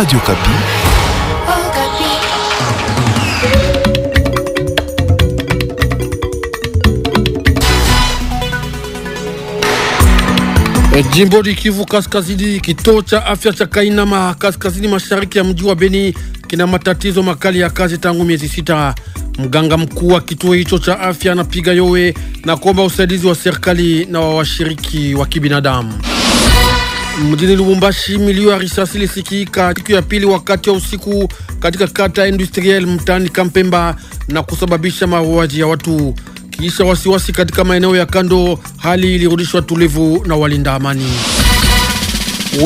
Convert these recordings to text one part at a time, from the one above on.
Radio Kapi. E, jimbo la Kivu Kaskazini, kituo cha afya cha Kainama kaskazini mashariki ya mji wa Beni kina matatizo makali ya kazi tangu miezi sita. Mganga mkuu wa kituo hicho cha afya anapiga yowe na kuomba usaidizi wa serikali na wa washiriki wa kibinadamu. Mjini Lubumbashi, milio ya risasi ilisikika siku ya pili wakati wa usiku katika kata industriel mtaani Kampemba na kusababisha mauaji ya watu. Kisha wasiwasi katika maeneo ya kando, hali ilirudishwa tulivu na walinda amani.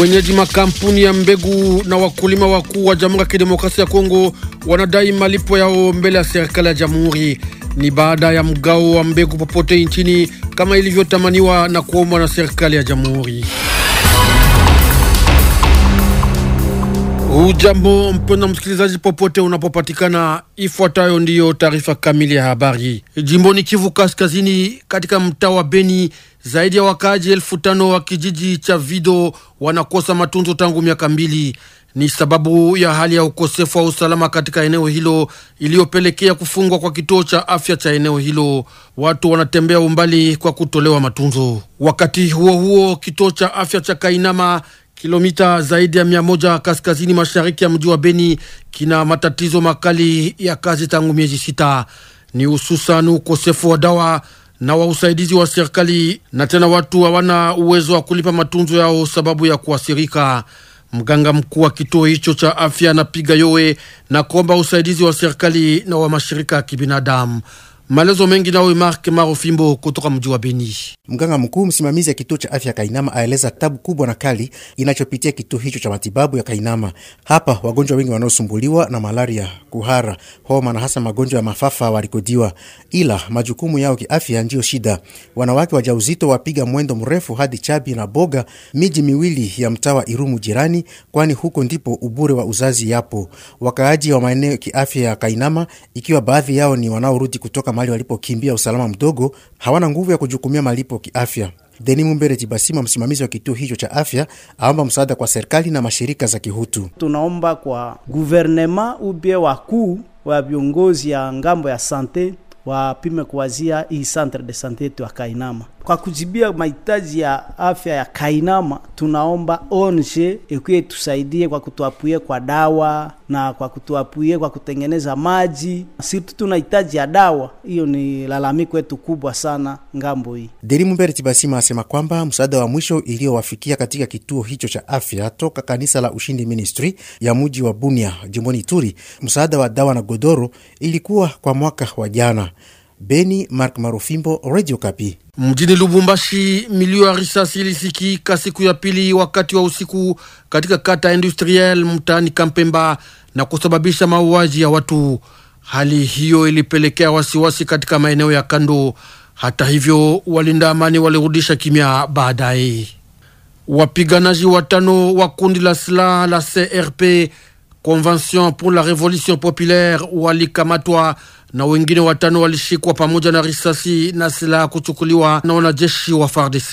Wenyeji makampuni ya mbegu na wakulima wakuu wa Jamhuri ya Kidemokrasia ya Kongo wanadai malipo yao mbele ya serikali ya jamhuri. Ni baada ya mgao wa mbegu popote nchini kama ilivyotamaniwa na kuombwa na serikali ya jamhuri. Ujambo mpenda msikilizaji, popote unapopatikana, ifuatayo ndiyo taarifa kamili ya habari. Jimboni Kivu Kaskazini, katika mtaa wa Beni, zaidi ya wakaaji elfu tano wa kijiji cha Vido wanakosa matunzo tangu miaka mbili. Ni sababu ya hali ya ukosefu wa usalama katika eneo hilo iliyopelekea kufungwa kwa kituo cha afya cha eneo hilo. Watu wanatembea umbali kwa kutolewa matunzo. Wakati huo huo, kituo cha afya cha Kainama kilomita zaidi ya mia moja kaskazini mashariki ya mji wa Beni kina matatizo makali ya kazi tangu miezi sita. Ni hususan ukosefu wa dawa na wa usaidizi wa serikali, na tena watu hawana uwezo wa kulipa matunzo yao sababu ya kuasirika. Mganga mkuu wa kituo hicho cha afya anapiga yowe na kuomba usaidizi wa serikali na wa mashirika ya kibinadamu. Maelezo mengi nawe Mark Maro kutoka mji wa Beni. Mganga mkuu msimamizi ya kituo cha afya ya Kainama aeleza tabu kubwa na kali inachopitia kituo hicho cha matibabu ya Kainama. Hapa wagonjwa wengi wanaosumbuliwa na malaria, kuhara, homa na hasa magonjwa ya mafafa walikodiwa, ila majukumu yao kiafya ndiyo shida. Wanawake wajauzito wapiga mwendo mrefu hadi Chabi na Boga, miji miwili ya mtaa wa Irumu jirani, kwani huko ndipo ubure wa uzazi yapo. Wakaaji wa maeneo kiafya ya Kainama, ikiwa baadhi yao ni wanaorudi kutoka Mali walipokimbia usalama mdogo, hawana nguvu ya kujukumia malipo kiafya. Deni Mumbere Jibasima, msimamizi wa kituo hicho cha afya, aomba msaada kwa serikali na mashirika za kihutu. Tunaomba kwa guvernema ubie wakuu wa viongozi ya ngambo ya sante wapime kuwazia hii centre de sante yetu ya Kainama kwa kujibia mahitaji ya afya ya Kainama, tunaomba onje ikuye tusaidie kwa kutuapuye kwa dawa na kwa kutuapuye kwa kutengeneza maji. Sisi tunahitaji ya dawa, hiyo ni lalamiko yetu kubwa sana ngambo hii. Deri Mumbere Basima asema kwamba msaada wa mwisho iliyowafikia katika kituo hicho cha afya toka kanisa la Ushindi Ministry ya muji wa Bunia, jimboni Ituri, msaada wa dawa na godoro ilikuwa kwa mwaka wa jana. Beni, Mark Marufimbo, Radio Kapi. Mjini Lubumbashi, milio ya risasi ilisikika siku ya pili wakati wa usiku katika kata industriel mtaani Kampemba na kusababisha mauaji ya watu. Hali hiyo ilipelekea wasiwasi katika maeneo ya kando. Hata hivyo, walinda amani walirudisha kimya baadaye. Wapiganaji watano wa kundi la silaha la CRP Convention pour la Revolution Populaire walikamatwa na wengine watano walishikwa pamoja na risasi na silaha kuchukuliwa na wanajeshi wa FARDC.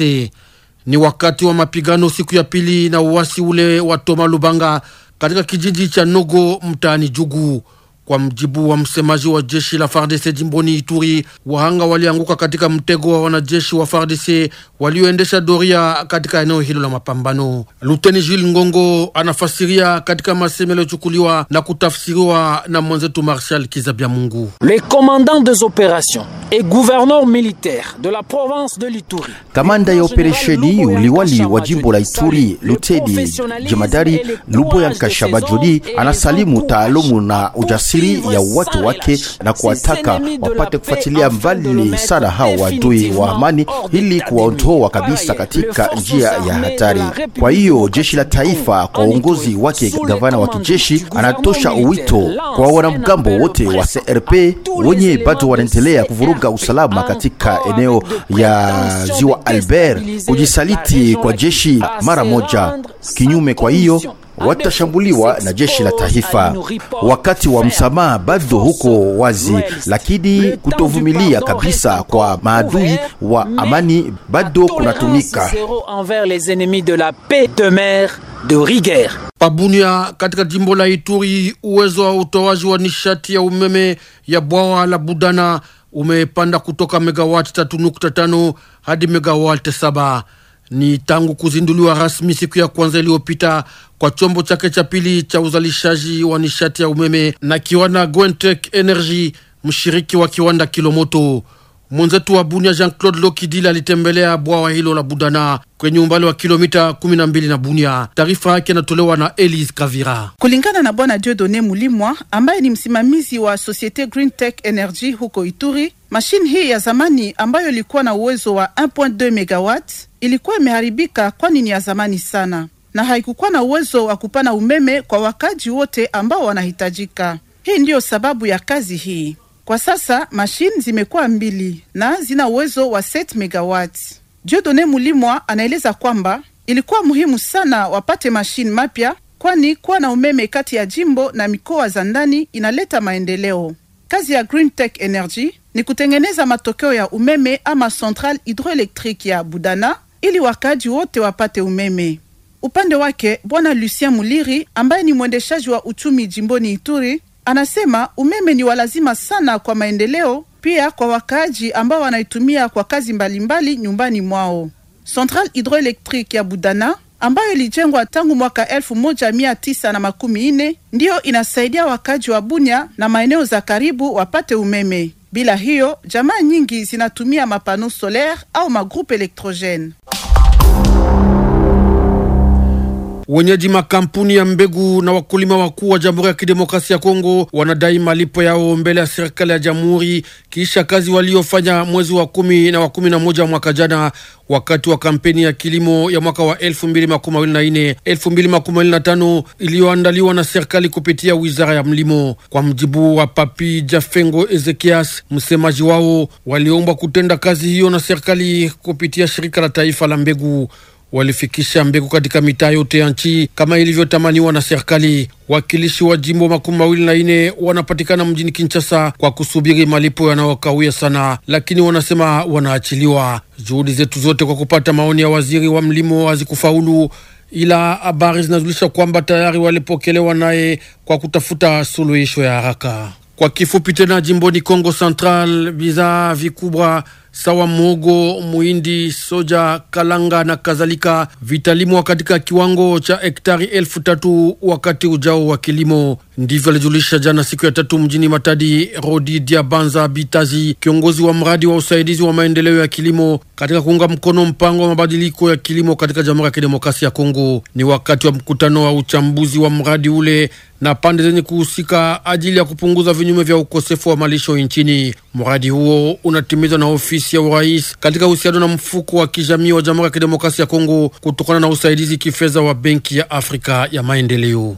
Ni wakati wa mapigano siku ya pili na uasi ule wa Toma Lubanga katika kijiji cha Nogo mtaani Jugu. Kwa mjibu wa msemaji wa jeshi la FARDC jimboni Ituri, wahanga walianguka katika mtego wa wanajeshi wa FARDC walioendesha doria katika eneo hilo la mapambano. Luteni Jules Ngongo anafasiria katika masemo yaliyochukuliwa na kutafsiriwa na mwenzetu Marshal Kizabya Mungu. Le commandant des opérations et gouverneur militaire de la province de l'Ituri, kamanda ya operesheni uliwali wa jimbo la Ituri Luteni Jemadari Luboya Nkashaba Jodi anasalimu taalumu na ujasiri ajili ya watu wake na kuwataka wapate kufuatilia mbali sana hao wadui wa amani ili kuwaondoa kabisa katika njia ya hatari. Kwa hiyo jeshi la taifa kwa uongozi wake gavana wa kijeshi anatosha uwito kwa wanamgambo wote wa CRP wenye bado wanaendelea kuvuruga usalama katika eneo ya ziwa Albert kujisaliti kwa jeshi mara moja kinyume. Kwa hiyo watashambuliwa na jeshi la taifa. Wakati wa msamaha bado huko wazi, lakini kutovumilia kabisa kwa maadui wa amani bado kunatumika. Pabunia katika jimbo la Ituri, uwezo wa utoaji wa nishati ya umeme ya bwawa la Budana umepanda kutoka megawati 3.5 hadi megawati saba ni tangu kuzinduliwa rasmi siku ya kwanza iliyopita kwa chombo chake cha pili cha uzalishaji wa nishati ya umeme na kiwanda Gwentech Energy, mshiriki wa kiwanda Kilomoto. Mwenzetu wa Bunia Jean-Claude lokidil alitembelea bwawa hilo la Budana kwenye umbali wa kilomita 12 na Bunia. Taarifa yake inatolewa na Elise Kavira. Kulingana na Bwana Dieudonne Mulimwa ambaye ni msimamizi wa Societe Green Tech Energy huko Ituri, Mashine hii ya zamani ambayo ilikuwa na uwezo wa 1.2 megawatt ilikuwa imeharibika, kwani ni ya zamani sana na haikukuwa na uwezo wa kupana umeme kwa wakaji wote ambao wanahitajika. Hii ndiyo sababu ya kazi hii. Kwa sasa mashine zimekuwa mbili na zina uwezo wa 7 megawatt. Jodone Mulimwa anaeleza kwamba ilikuwa muhimu sana wapate mashine mapya, kwani kuwa na umeme kati ya jimbo na mikoa za ndani inaleta maendeleo. Kazi ya Green Tech Energy ni kutengeneza matokeo ya umeme ama central hidroelektriki ya Budana ili wakaaji wote wapate umeme. Upande wake bwana Lucien Muliri ambaye ni mwendeshaji wa uchumi jimboni Ituri anasema umeme ni walazima sana kwa maendeleo, pia kwa wakaaji ambao wanaitumia kwa kazi mbalimbali mbali nyumbani mwao. Central hidroelectric ya Budana ambayo ilijengwa tangu mwaka elfu moja mia tisa na makumi nne ndiyo inasaidia wakaaji wa Bunya na maeneo za karibu wapate umeme. Bila hiyo, jamaa nyingi zinatumia mapano solaire au magrupe elektrogene. Wenyeji makampuni ya mbegu na wakulima wakuu wa Jamhuri ya Kidemokrasia ya Kongo wanadai malipo yao mbele ya serikali ya jamhuri kisha kazi waliofanya mwezi wa kumi na wa kumi na moja mwaka jana wakati wa kampeni ya kilimo ya mwaka wa na tano iliyoandaliwa na serikali kupitia wizara ya mlimo. Kwa mjibu wa Papi Jafengo Ezekias, msemaji wao, waliomba kutenda kazi hiyo na serikali kupitia shirika la taifa la mbegu walifikisha mbegu katika mitaa yote ya nchi kama ilivyotamaniwa na serikali. Wakilishi wa jimbo makumi mawili na ine wanapatikana mjini Kinshasa kwa kusubiri malipo yanayokawia sana, lakini wanasema wanaachiliwa. Juhudi zetu zote kwa kupata maoni ya waziri wa mlimo hazikufaulu, ila habari zinazulisha kwamba tayari walipokelewa naye kwa kutafuta suluhisho ya haraka. Kwa kifupi tena, jimboni Kongo Central, bidhaa vikubwa sawa mogo muindi soja, kalanga na kadhalika vitalimwa katika kiwango cha hektari elfu tatu wakati ujao wa kilimo. Ndivyo alijulisha jana siku ya tatu mjini Matadi Rodi Diabanza Bitazi, kiongozi wa mradi wa usaidizi wa maendeleo ya kilimo katika kuunga mkono mpango wa mabadiliko ya kilimo katika Jamhuri ya Kidemokrasia ya Kongo. Ni wakati wa mkutano wa uchambuzi wa mradi ule na pande zenye kuhusika ajili ya kupunguza vinyume vya ukosefu wa malisho nchini. Mradi huo unatimizwa na ofisi ofisi ya urais katika uhusiano na mfuko wa kijamii wa Jamhuri ya Kidemokrasia ya Kongo kutokana na usaidizi kifedha wa Benki ya Afrika ya Maendeleo.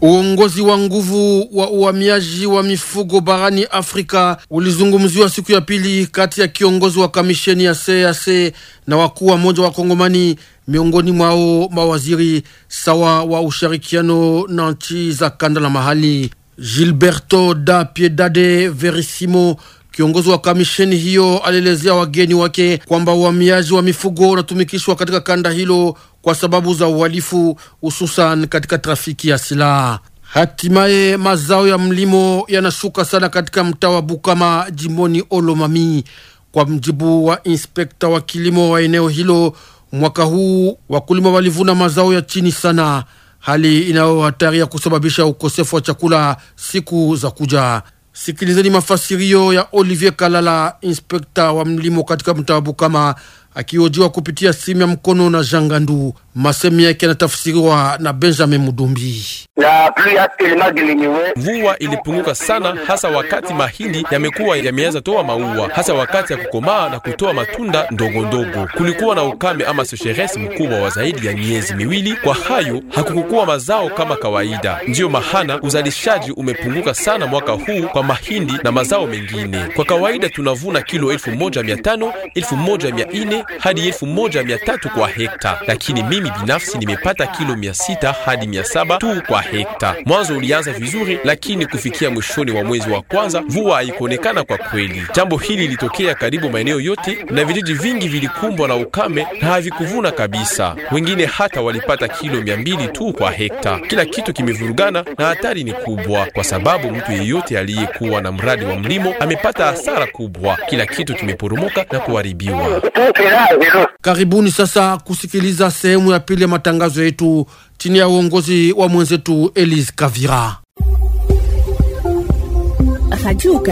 Uongozi wa nguvu wa uhamiaji wa mifugo barani Afrika ulizungumziwa siku ya pili kati ya kiongozi wa kamisheni ya CAC na wakuu wa moja wa Kongomani, miongoni mwao mawaziri sawa wa ushirikiano na nchi za kanda la mahali. Gilberto da Piedade Verissimo Kiongozi wa kamisheni hiyo alielezea wageni wake kwamba uhamiaji wa mifugo unatumikishwa katika kanda hilo kwa sababu za uhalifu, hususan katika trafiki ya silaha. Hatimaye mazao ya mlimo yanashuka sana katika mtaa wa Bukama jimboni Olomami. Kwa mjibu wa inspekta wa kilimo wa eneo hilo, mwaka huu wakulima walivuna mazao ya chini sana hali inayo hatari ya kusababisha ukosefu wa chakula siku za kuja. Sikilizeni mafasirio ya Olivier Kalala, inspekta wa mlimo katika mtaa Bukama, akiojiwa kupitia simu ya mkono na Jangandu. Masemi yake yanatafsiriwa na Benjamin Mudumbi. Mvua ilipunguka sana, hasa wakati mahindi yamekuwa yameanza toa maua, hasa wakati ya kukomaa na kutoa matunda ndogo ndogo. Kulikuwa na ukame ama sosheresi mkubwa wa zaidi ya miezi miwili, kwa hayo hakukukuwa mazao kama kawaida. Ndiyo mahana uzalishaji umepunguka sana mwaka huu kwa mahindi na mazao mengine. Kwa kawaida tunavuna kilo elfu moja mia tano elfu moja mia nne hadi elfu moja mia tatu kwa hekta, lakini mimi mimi binafsi nimepata kilo mia sita hadi mia saba tu kwa hekta. Mwanzo ulianza vizuri, lakini kufikia mwishoni wa mwezi wa kwanza mvua haikuonekana kwa kweli. Jambo hili lilitokea karibu maeneo yote, na vijiji vingi vilikumbwa na ukame na havikuvuna kabisa. Wengine hata walipata kilo mia mbili tu kwa hekta. Kila kitu kimevurugana na hatari ni kubwa, kwa sababu mtu yeyote aliyekuwa na mradi wa mlimo amepata hasara kubwa. Kila kitu kimeporomoka na kuharibiwa. Karibuni sasa kusikiliza sehemu ya pili ya matangazo yetu chini ya uongozi wa mwenzetu Elise Kavira. Radio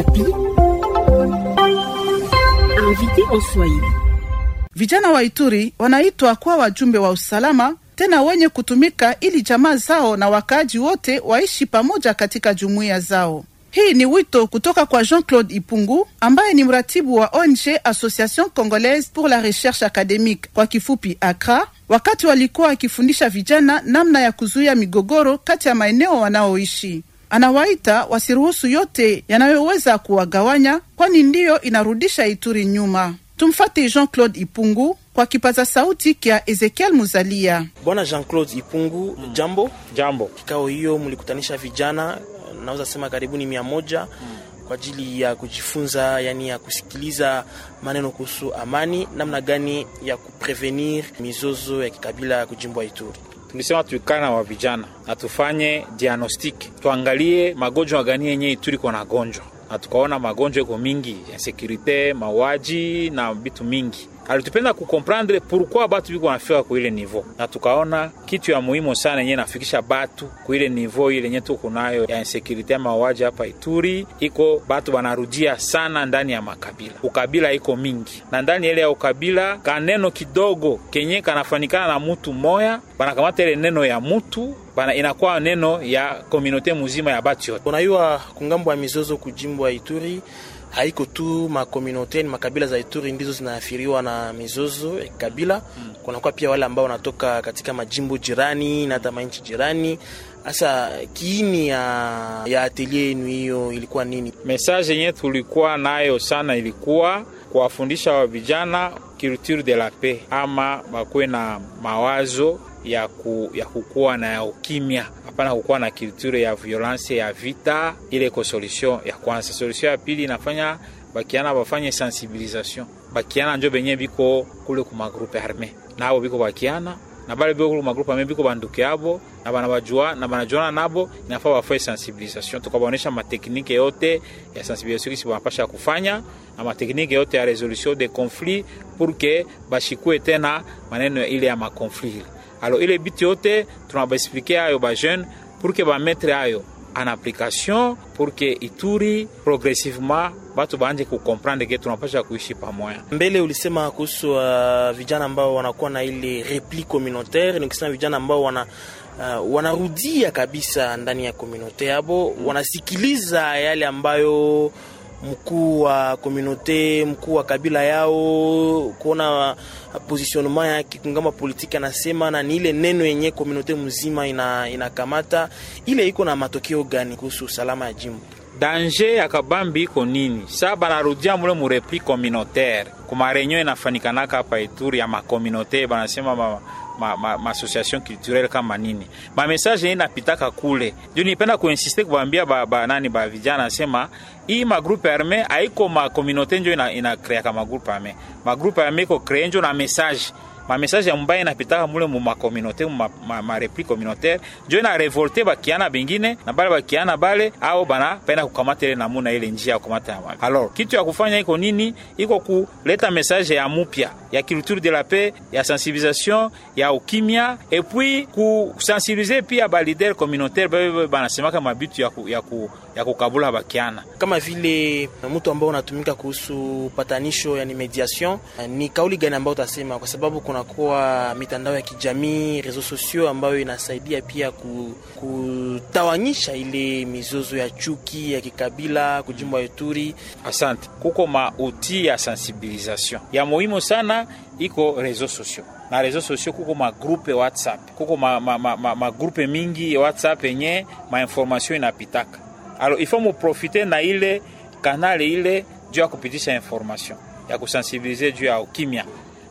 Vijana wa Ituri wanaitwa kuwa wajumbe wa usalama tena wenye kutumika ili jamaa zao na wakaaji wote waishi pamoja katika jumuiya zao. Hii ni wito kutoka kwa Jean-Claude Ipungu ambaye ni mratibu wa ONG Association Congolaise pour la Recherche Académique, kwa kifupi ACRA, wakati walikuwa wakifundisha vijana namna ya kuzuia migogoro kati ya maeneo wanaoishi. Anawaita wasiruhusu yote yanayoweza kuwagawanya, kwani ndiyo inarudisha Ituri nyuma. Tumfate Jean-Claude Ipungu kwa kipaza sauti kya Ezekiel Muzalia. Bwana Jean-Claude Ipungu, jambo jambo. Kikao hiyo mlikutanisha vijana, naweza sema karibuni mia moja mm kwa ajili ya kujifunza, yani ya kusikiliza maneno kuhusu amani, namna gani ya kuprevenir mizozo ya kikabila ya kujimbwa Ituri. Tulisema tuikana na wa vijana na tufanye diagnostiki, tuangalie magonjwa gani yenye Ituri kwa nagonjwa na tukaona magonjwa iko mingi, insekurite, mauaji na vitu mingi alitupenda kukomprendre pourquoi batu biko nafika ku ile na tukaona kitu ya muhimu sana yenye nafikisha batu ku ile niveau ile yenye tuko nayo ya insekurite ya mauaji hapa Ituri, iko batu banarudia sana ndani ya makabila. Ukabila iko mingi, na ndani ile ya ukabila kaneno kidogo kenye kanafanikana na mutu moya, banakamata ile neno ya mutu bana inakuwa neno ya komunote muzima ya batu yote. Unayua kungambo ya mizozo kujimbo ya Ituri haiko tu makomunote ni makabila za Ituri ndizo zinaathiriwa na mizozo ya kabila. Hmm. Kunakuwa pia wale ambao wanatoka katika majimbo jirani na hata manchi jirani. Hasa kiini ya, ya atelier yenu hiyo ilikuwa nini? Message yenye tulikuwa nayo sana ilikuwa kuwafundisha wa vijana culture de la paix, ama bakuwe na mawazo ya, ku, ya kukuwa na ya ukimya hapana kukuwa na culture ya violence ya vita, ile ko solution ya kwanza. Solution ya pili inafanya bakiana bafanye sensibilisation, bakiana njo benye biko kule ku magroupe arme nabo biko bakiana na bale biko kule magroupe arme biko banduke yabo na bana bajua na bana jona nabo, inafaa bafanye sensibilisation, tukabonesha ma technique yote ya sensibilisation kisi banapasha kufanya na ma technique yote ya resolution de conflit pour que bashikue tena maneno ile ya ma conflit alo ile bit yote tunabasifikia ayo bajene purke bametre ayo en application purke Ituri progressivement batu baanje kukomprendre ke tunapasha kuishi pamoja. Mbele ulisema kuhusu uh, vijana ambao wanakuwa na ile repli communautaire, nikisema vijana ambao wana uh, wanarudia kabisa ndani ya communautaire yabo, mm. wanasikiliza yale ambayo mkuu wa komunote, mkuu wa kabila yao, kuona positionnement yake kungamba politiki anasema, na ni ile neno yenye komunote mzima ina, inakamata ile iko na matokeo gani kuhusu usalama ya jimbo danje ya kabambi iko nini? Sa banarudia mule murepli communautaire kumarenyo inafanikanaka hapa Ituri ya makominote banasema mama ma, ma, ma association culturelle kama nini, ma message napitaka kule juu. Nipenda kuinsiste kuambia ba, ba nani ba vijana nasema hii magroupe arme haiko ma communauté njo inakreaka ina krea arme, magroupe arme iko krea njo na message est ya bain inapitaka mule moule mumareplique ma, ma communautaire njo ina revolte bakiana bengine na bale bakiana bale ao banapenda kukamata ile namuna ile njia ya kukamata ya mali alors kitu ya kufanya iko nini iko kuleta message ya mupya ya culture de la paix ya sensibilisation ya ukimya et puis kusensibilize pia balider communautaire bebe banasemaka mabitu ya, ku, ya, ku, ya kukabula bakiana kama vile mtu ambao unatumika kuhusu patanisho yani médiation, ni kauli gani ambayo utasema kwa sababu kuna kunakuwa mitandao ya kijamii reseaux sociaux, ambayo inasaidia pia kutawanyisha ile mizozo ya chuki ya kikabila kujimbo ya Ituri. Asante, kuko mauti ya sensibilisation ya muhimu sana iko reseaux sociaux na reseaux sociaux kuko magrupe WhatsApp, kuko magrupe ma, ma, ma ma mingi ya WhatsApp yenye mainformation inapitaka. Alo ifo muprofite na ile kanale ile juu ya kupitisha information ya kusensibilize juu ya ukimya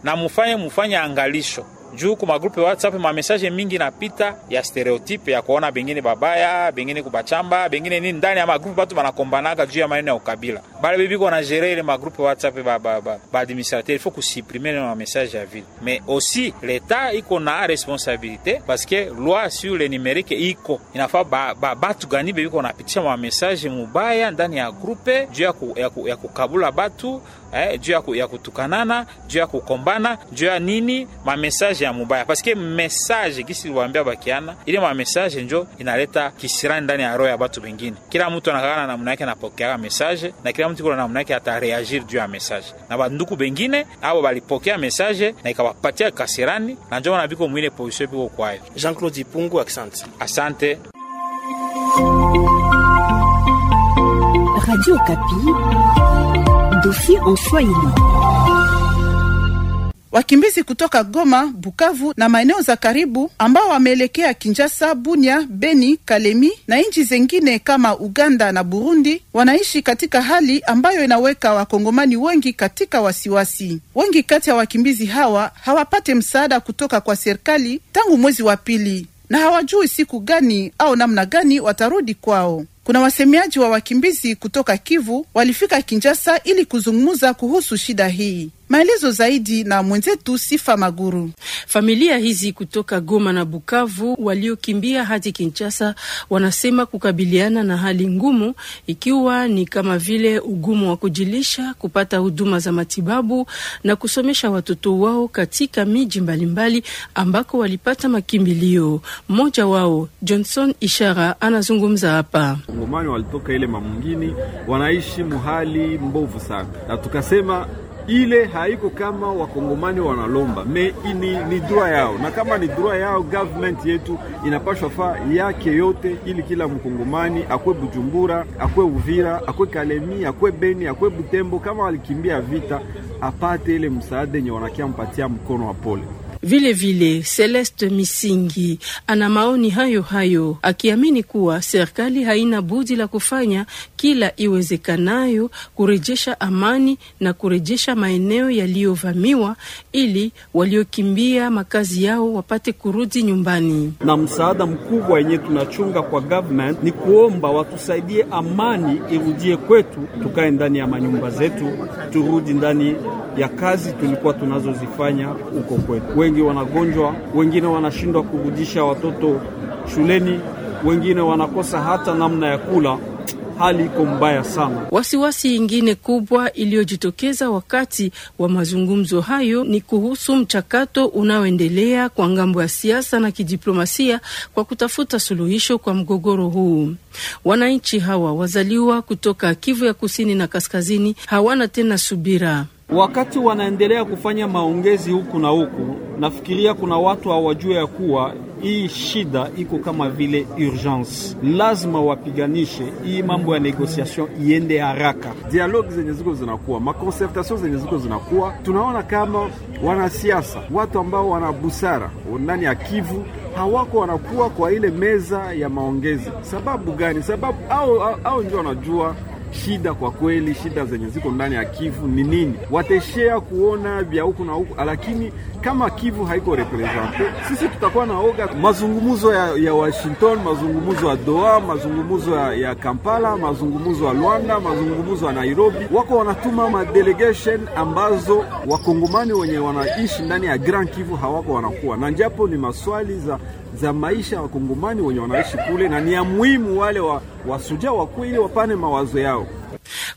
na mufanye mufanye angalisho juu ku magrupe WhatsApp mamesaje mingi napita ya stereotipe ya kuona bengine babaya bengine kubachamba bengine nini ndani ya magrupe batu banakombanaka juu ya maneno ya ukabila bale bibiko na gérer ile magrupe WhatsApp ba ba ba, ba administrateur il faut kusupprimer le message ya vile mais aussi l'état iko na responsabilité parce que loi sur le numérique iko inafaa ba, ba batu gani bibiko napitisha ma message mubaya ndani ya grupe juu ya, ku, ya, ku, ya batu eh, juu ya kutukanana, juu ya kukombana, juu ya nini, mamesaje ya mubaya, paske mesaje kisi liwaambia bakiana ile mamesaje njo inaleta kisirani ndani ya roho ya batu bengine. Kila mtu anakakana namna yake, anapokea mesaje na kila mtu kuna namna yake atareagir juu ya mesaje, na banduku bengine abo balipokea mesaje na ikawapatia kasirani, na njo wanabiko mwile position biko kwayo. Jean Claude Ipungu, asante, asante. Radio Kapi. Dossier en Swahili. Wakimbizi kutoka Goma, Bukavu na maeneo za karibu ambao wameelekea Kinshasa, Bunia, Beni, Kalemi na nchi zengine kama Uganda na Burundi wanaishi katika hali ambayo inaweka wakongomani wengi katika wasiwasi. Wengi kati ya wakimbizi hawa hawapate msaada kutoka kwa serikali tangu mwezi wa pili na hawajui siku gani au namna gani watarudi kwao kuna wasemaji wa wakimbizi kutoka Kivu walifika Kinshasa ili kuzungumza kuhusu shida hii. Maelezo zaidi na mwenzetu Sifa Maguru. Familia hizi kutoka Goma na Bukavu waliokimbia hadi Kinshasa wanasema kukabiliana na hali ngumu, ikiwa ni kama vile ugumu wa kujilisha, kupata huduma za matibabu na kusomesha watoto wao katika miji mbalimbali ambako walipata makimbilio. Mmoja wao Johnson Ishara anazungumza hapa. Ngomani walitoka ile mamungini, wanaishi muhali mbovu sana, na tukasema ile haiko kama wakongomani wanalomba me ni, ni dua yao, na kama ni dua yao, government yetu inapashwa faa yake yote ili kila mkongomani akwe Bujumbura, akwe Uvira, akwe Kalemi, akwe Beni, akwe Butembo, kama walikimbia vita apate ile msaada yenye wanakia mpatia mkono wa pole vile vile, Celeste Misingi ana maoni hayo hayo akiamini kuwa serikali haina budi la kufanya kila iwezekanayo kurejesha amani na kurejesha maeneo yaliyovamiwa ili waliokimbia makazi yao wapate kurudi nyumbani. Na msaada mkubwa yenye tunachunga kwa government ni kuomba watusaidie amani irudie kwetu, tukae ndani ya manyumba zetu, turudi ndani ya kazi tulikuwa tunazozifanya huko kwetu wengi wanagonjwa, wengine wanashindwa kurudisha watoto shuleni, wengine wanakosa hata namna ya kula. Hali iko mbaya sana. Wasiwasi ingine kubwa iliyojitokeza wakati wa mazungumzo hayo ni kuhusu mchakato unaoendelea kwa ngambo ya siasa na kidiplomasia kwa kutafuta suluhisho kwa mgogoro huu. Wananchi hawa wazaliwa kutoka Kivu ya kusini na kaskazini hawana tena subira. Wakati wanaendelea kufanya maongezi huku na huku, nafikiria kuna watu hawajue ya kuwa hii shida iko kama vile urgence, lazima wapiganishe hii mambo ya negociation iende haraka. Dialogue zenye ziko zinakuwa, makonsertation zenye ziko zinakuwa, tunaona kama wanasiasa, watu ambao wana busara ndani ya Kivu hawako wanakuwa kwa ile meza ya maongezi. Sababu gani? Sababu au, au, au ndio wanajua shida kwa kweli, shida zenye ziko ndani ya Kivu ni nini, wateshea kuona vya huku na huku, lakini kama Kivu haiko represente, sisi tutakuwa na oga. Mazungumuzo ya, ya Washington, mazungumuzo ya Doha, mazungumuzo ya, ya Kampala, mazungumuzo ya Luanda, mazungumuzo ya Nairobi, wako wanatuma madelegation ambazo wakongomani wenye wanaishi ndani ya Grand Kivu hawako wanakuwa na, japo ni maswali za za maisha ya wakongomani wenye wanaishi kule, na ni ya muhimu wale wa, wasujaa wa wakuu ili wapane mawazo yao.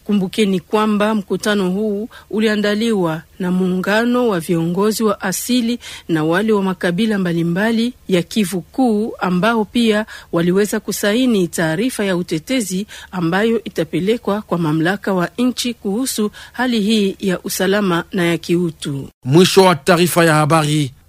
Kumbukeni kwamba mkutano huu uliandaliwa na muungano wa viongozi wa asili na wale wa makabila mbalimbali mbali ya Kivu Kuu ambao pia waliweza kusaini taarifa ya utetezi ambayo itapelekwa kwa mamlaka wa nchi kuhusu hali hii ya usalama na ya kiutu. Mwisho wa taarifa ya habari.